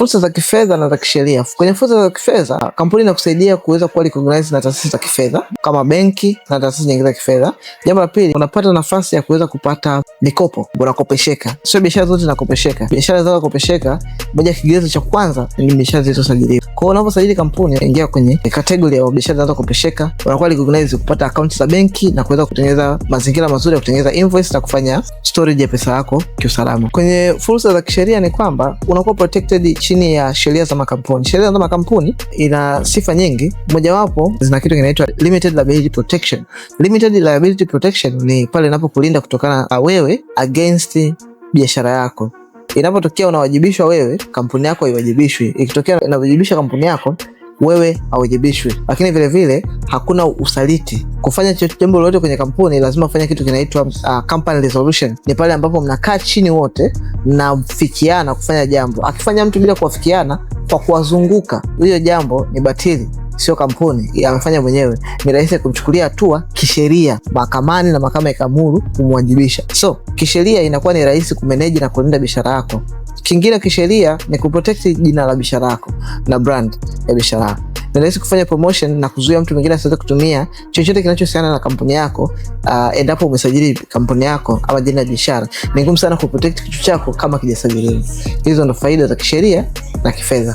Fursa za kifedha na za kisheria. Kwenye fursa za kifedha, kampuni inakusaidia kuweza kuwa recognized na taasisi za kifedha kama benki na taasisi nyingine za kifedha. Jambo la pili, unapata nafasi ya kuweza kupata mikopo, unakopesheka. Sio biashara zote zinakopesheka, biashara zinazokopesheka moja ya kigezo cha kwanza ni biashara zilizosajiliwa. Kwa hiyo unaposajili kampuni, ingia kwenye kategori ya biashara zinazokopesheka, wanakuwa recognize kupata akaunti za benki na kuweza kutengeneza mazingira mazuri ya kutengeneza invoice na kufanya storage ya pesa yako kiusalama. Kwenye fursa za kisheria ni kwamba unakuwa protected chini ya sheria za makampuni. Sheria za makampuni ina sifa nyingi, mojawapo zina kitu kinaitwa limited liability protection. Limited liability protection ni pale inapokulinda kutokana na wewe against biashara yako inapotokea unawajibishwa wewe, kampuni yako haiwajibishwi. Ikitokea inawajibisha kampuni yako wewe hauwajibishwi. Lakini vilevile hakuna usaliti. Kufanya jambo lolote kwenye kampuni lazima ufanye kitu kinaitwa uh, company resolution. Ni pale ambapo mnakaa chini wote mnafikiana kufanya jambo. Akifanya mtu bila kuwafikiana kwa kuwazunguka, hiyo jambo ni batili sio kampuni, anafanya mwenyewe, ni rahisi kumchukulia hatua kisheria mahakamani na mahakama ikamuru kumwajibisha. So kisheria inakuwa ni rahisi kumeneji na kulinda biashara yako. Kingine kisheria ni kuprotekti jina la biashara yako na brand ya biashara yako ni rahisi kufanya promotion na kuzuia mtu mwingine asiweze kutumia chochote kinachohusiana na kampuni yako. Uh, endapo umesajili kampuni yako ama jina la biashara, ni ngumu sana kuprotect kichwa chako kama kijasajiliwa. Hizo ndo faida za kisheria na kifedha.